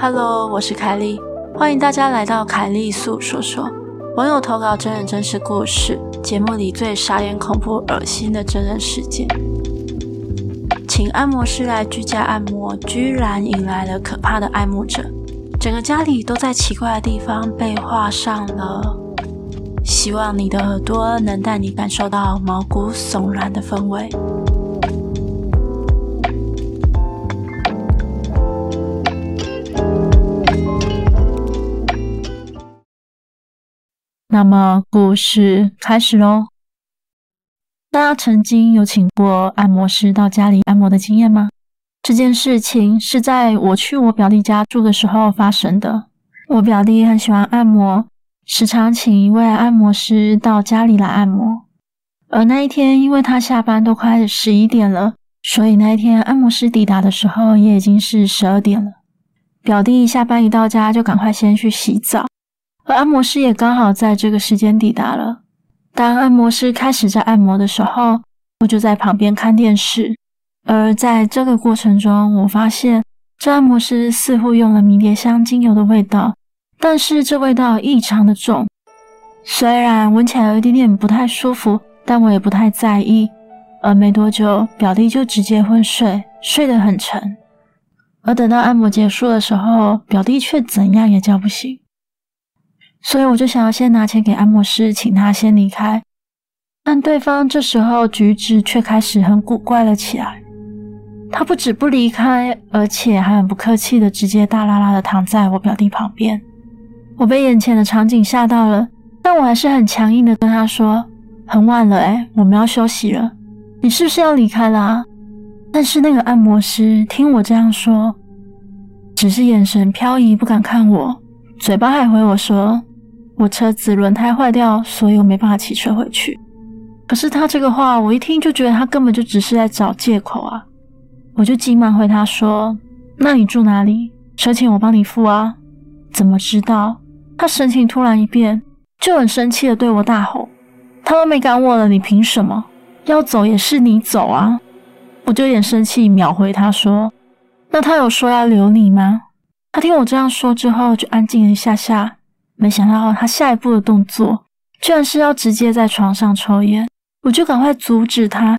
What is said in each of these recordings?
Hello，我是凱莉，歡迎大家來到凱莉粟說說，網友投稿真人真事故事，節目裡最傻眼、恐怖、惡心的真人事件。請按摩師來居家按摩，居然引來了可怕的愛慕者，整個家裡都在奇怪的地方被畫上了。希望你的耳朵能帶你感受到毛骨悚然的氛圍。那麼故事開始嘍。大家曾經有請過按摩師到家裡按摩的經驗嗎？這件事情是在我去我表弟家住的時候發生的。我表弟很喜歡按摩，時常請一位按摩師到家裡來按摩。而那一天，因為他下班都快十一點了，所以那一天按摩師抵達的時候也已經是十二點了。表弟下班一到家就趕快先去洗澡。而按摩師也剛好在這個時間抵達了。當按摩師開始在按摩的時候，我就在旁邊看電視。而在這個過程中，我發現這按摩師似乎用了迷迭香精油的味道，但是這味道異常的重。雖然聞起來有一點點不太舒服，但我也不太在意。而沒多久，表弟就直接昏睡，睡得很沉。而等到按摩結束的時候，表弟卻怎樣也叫不醒。所以我就想要先拿錢給按摩師，請他先離開，但對方這時候舉止卻開始很古怪了起來。他不止不離開，而且還很不客氣的直接大拉拉的躺在我表弟旁邊。我被眼前的場景嚇到了，但我還是很強硬的跟他說：“很晚了、欸，誒，我們要休息了，你是不是要離開啦、啊？”但是那個按摩師聽我這樣說，只是眼神飄移，不敢看我，嘴巴還回我說。我車子輪胎壞掉，所以我沒辦法騎車回去。可是他這個話，我一聽就覺得他根本就只是在找借口啊！我就急忙回他說：“那你住哪裡？車錢我幫你付啊。”怎麼知道？他神情突然一變，就很生氣的對我大吼：“他都沒趕我了，你憑什麼？要走也是你走啊！”我就有點生氣，秒回他說：“那他有說要留你嗎？”他聽我這樣說之後，就安靜了一下下。沒想到他下一步的動作居然是要直接在床上抽菸，我就趕快阻止他，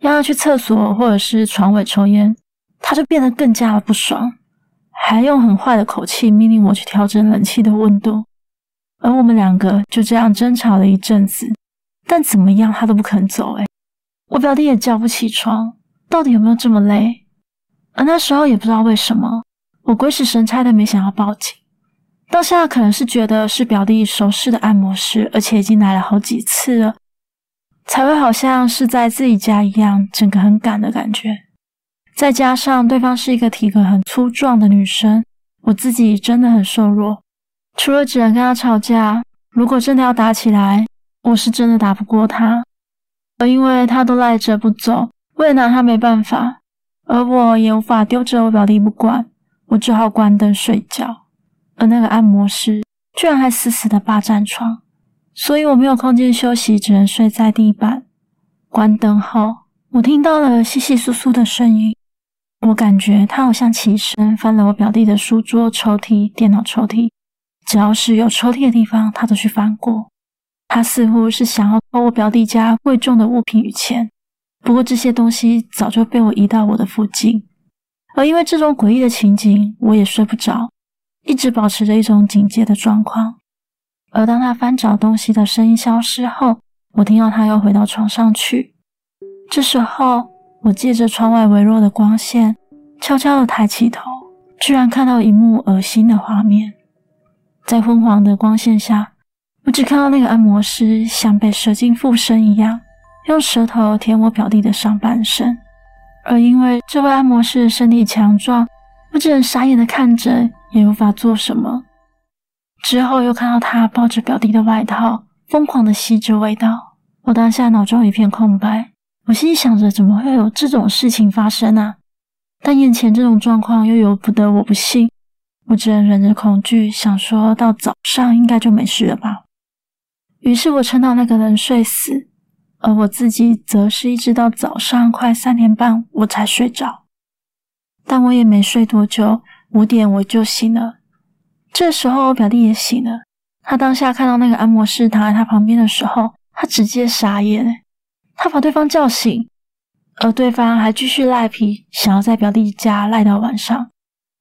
讓他去廁所或者是床尾抽菸，他就變得更加的不爽，還用很壞的口氣命令我去調整冷氣的溫度，而我們兩個就這樣爭吵了一陣子，但怎麼樣他都不肯走。哎，我表弟也叫不起床，到底有沒有這麼累？而那時候也不知道為什麼，我鬼使神差的沒想要報警。到現在可能是覺得是表弟熟悉的按摩師，而且已經來了好幾次了，才會好像是在自己家一樣，整個很趕的感覺。再加上對方是一個體格很粗壯的女生，我自己真的很瘦弱，除了只能跟她吵架，如果真的要打起來，我是真的打不過她。而因為她都賴着不走，我也拿她沒辦法，而我也無法丟着我表弟不管，我只好關燈睡覺。而那個按摩師居然還死死的霸占床，所以我沒有空間休息，只能睡在地板。關燈後，我聽到了窸窸窣窣的聲音。我感覺他好像起身翻了我表弟的書桌、抽屜、電腦抽屜，只要是有抽屜的地方，他都去翻過。他似乎是想要偷我表弟家貴重的物品與錢，不過這些東西早就被我移到我的附近。而因為這種詭異的情景，我也睡不着。一直保持着一種警戒的狀況，而當他翻找東西的聲音消失後，我聽到他又回到床上去。這時候，我借着窗外微弱的光線，悄悄的抬起頭，居然看到一幕噁心的畫面。在昏黃的光線下，我只看到那個按摩師像被蛇精附身一樣，用舌頭舔我表弟的上半身，而因為這位按摩師身體強壯，我只能傻眼的看着。也無法做什麼。之後又看到他抱着表弟的外套，瘋狂的吸着味道。我當下腦中一片空白，我心裡想着，怎麼會有這種事情發生呢、啊？但眼前這種狀況又由不得我不信，我只能忍着恐懼，想說到早上應該就沒事了吧。於是我撐到那個人睡死，而我自己則是一直到早上快三點半我才睡着，但我也沒睡多久。五點我就醒了，這時候我表弟也醒了。他當下看到那個按摩師躺在他旁邊的時候，他直接傻眼。他把對方叫醒，而對方還繼續賴皮，想要在表弟家賴到晚上。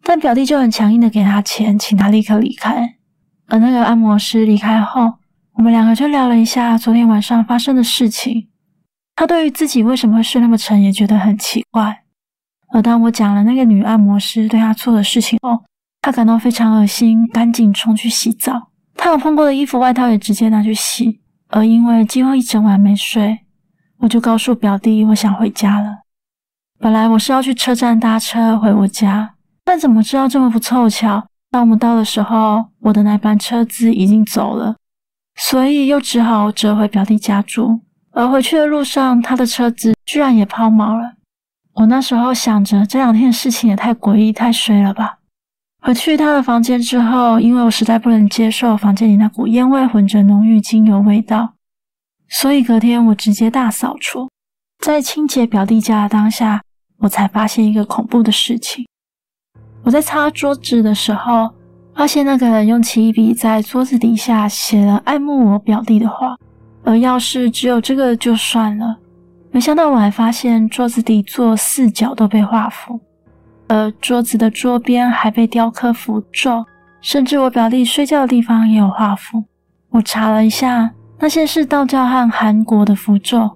但表弟就很強硬的給他錢，請他立刻離開。而那個按摩師離開後，我們兩個就聊了一下昨天晚上發生的事情。他對於自己為什麼會睡那麼沉也覺得很奇怪。而當我講了那個女按摩師對她做的事情後，她感到非常噁心，趕緊衝去洗澡。她有碰過的衣服、外套也直接拿去洗。而因為幾乎一整晚沒睡，我就告訴表弟我想回家了。本來我是要去車站搭車回我家，但怎麼知道這麼不湊巧？當我們到的時候，我的那班車子已經走了，所以又只好折回表弟家住。而回去的路上，他的車子居然也拋錨了。我那時候想着，這兩天的事情也太詭異、太衰了吧。回去他的房間之後，因為我實在不能接受房間裡那股煙味混着濃郁精油味道，所以隔天我直接大掃除。在清潔表弟家的當下，我才發現一個恐怖的事情：我在擦桌子的時候，發現那個人用奇異筆在桌子底下寫了愛慕我表弟的話。而要是只有這個就算了。沒想到我還發現桌子底座四角都被畫符，而桌子的桌邊還被雕刻符咒，甚至我表弟睡覺的地方也有畫符。我查了一下，那些是道教和韓國的符咒，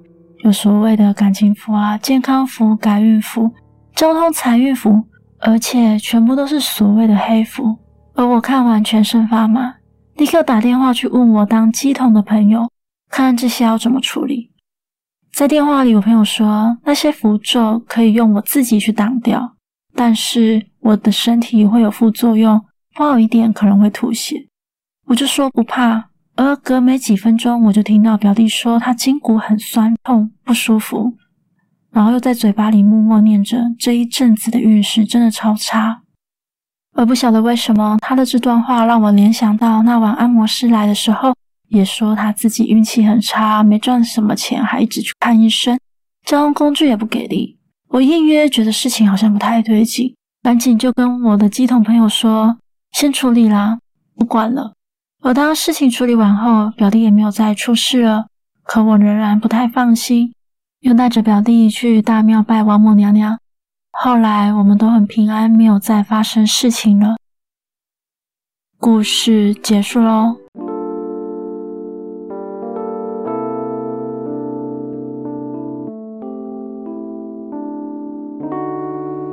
有所謂的感情符啊、健康符、改運符、交通財運符，而且全部都是所謂的黑符。而我看完全身發麻，立刻打電話去問我當乩童的朋友，看看這些要怎麼處理。在電話裡，我朋友說那些符咒可以用我自己去擋掉，但是我的身體會有副作用，不好一點可能會吐血。我就說不怕，而隔沒幾分鐘，我就聽到表弟說他筋骨很痠痛不舒服，然後又在嘴巴裡默默念着這一陣子的運勢真的超差。而不曉得為什麼他的這段話讓我聯想到那晚按摩師來的時候。也說他自己運氣很差，沒賺什麼錢，還一直去看醫生，交通工具也不給力。我隱約覺得事情好像不太對勁，趕緊就跟我的乩童朋友說，先處理啦，不管了。而當事情處理完後，表弟也沒有再出事了，可我仍然不太放心，又帶着表弟去大廟拜王母娘娘。後來我們都很平安，沒有再發生事情了。故事結束嘍。